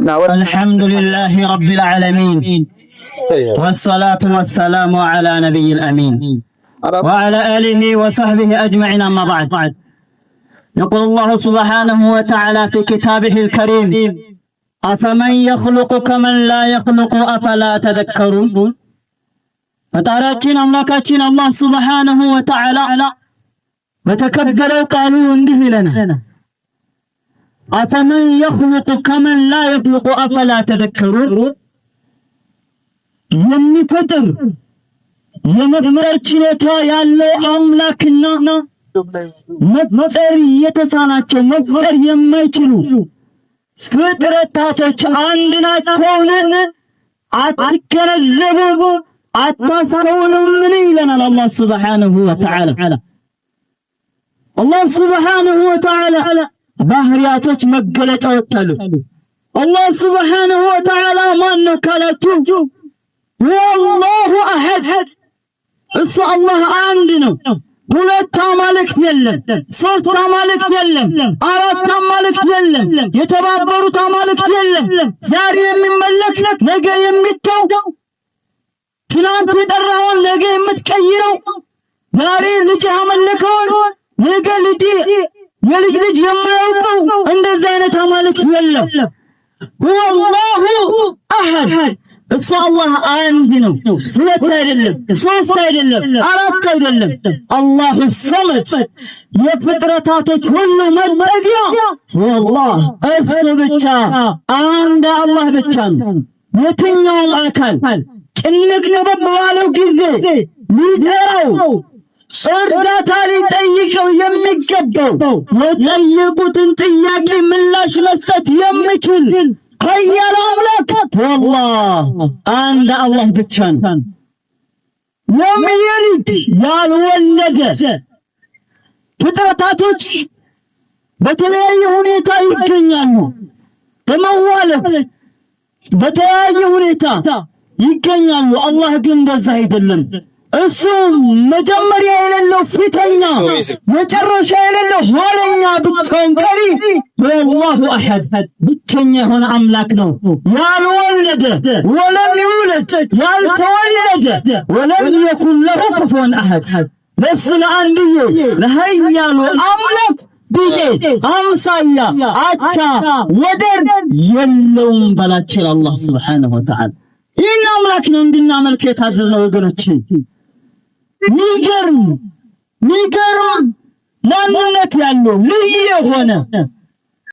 الحمد لله رب العالمين أيوة. والصلاة والسلام على نبي الأمين وعلى آله وصحبه أجمعين أما بعد يقول الله سبحانه وتعالى في كتابه الكريم أفمن يخلق كمن لا يخلق أفلا تذكرون فتاراتنا አምላካችን الله سبحانه وتعالى በተከበረው ቃሉ እንዲህ لنا አፈመን የኽሉቁ ከመን ላ የኽሉቁ አፈላ ተዘከሩን። የሚፈጥር የመፍጠር ችሎታ ያለው አምላክና መፍጠር የተሳናቸው መፍጠር የማይችሉ ፍጥረታቶች አንድ ናቸውን? አትገነዘቡ አታስተውሉም? ምን ይለናል አላህ ሱብሓነሁ ወተዓላ አላህ ሱብሓነሁ ወተዓላ ባህሪያቶች መገለጫዎች አሉ። አላህ ሱብሓነሁ ወተዓላ ማን ነው ካላችሁ፣ ወላሁ አሐድ እሱ አላህ አንድ ነው። ሁለት አማልክት የለም፣ ሶስት አማልክት የለም፣ አራት አማልክት የለም፣ የተባበሩት አማልክት የለም። ዛሬ የሚመለክ ነገ የሚተው ትናንት የጠራውን ነገ የምትቀይረው ዛሬ ልጅ አመለከውን ነገ ልጅ የልጅ ልጅ የማያውቀው እንደዚህ አይነት አማልክ የለም። ሁወ አላሁ አሐድ እሱ አላህ አንድ ነው። ሁለት አይደለም፣ ሶስት አይደለም፣ አራት አይደለም። አላህ ሰመድ የፍጥረታቶች ሁሉ መጠጊያ ወላህ እሱ ብቻ አንድ አላህ ብቻ ነው። የትኛውም አካል ጭንቅንቅ ባለው ጊዜ ሊደራው እርዳታ ሊጠይቀው የሚገባው የጠየቁትን ጥያቄ ምላሽ መስጠት የሚችል ሀያል አምላክ ወላህ አንድ አላህ ብቻ ነው። የሚሊድ ያልወለደ ፍጥረታቶች በተለያየ ሁኔታ ይገኛሉ። በመዋለት በተለያየ ሁኔታ ይገኛሉ። አላህ ግን እንደዛ አይደለም። እሱ መጀመሪያ የሌለው ፊተኛ፣ መጨረሻ የሌለው ኋለኛ፣ ብቻውን ቀሪ ወላሁ አሐድ ብቸኛ የሆነ አምላክ ነው። ያልወለደ ወለም ይውለድ፣ ያልተወለደ ወለም የኩን ለሁ ኩፉወን አሐድ ለሱ ለአንድዬ ለኃያሉ አምላክ ቢጤ አምሳያ አቻ ወደር የለውም በላችን አላህ ስብሓነሁ ወተዓላ ይህን አምላክ ነው እንድናመልክ የታዘዝነው ወገኖቼ ሚገርም ሚገርም ማንነት ያለው ልዩ የሆነ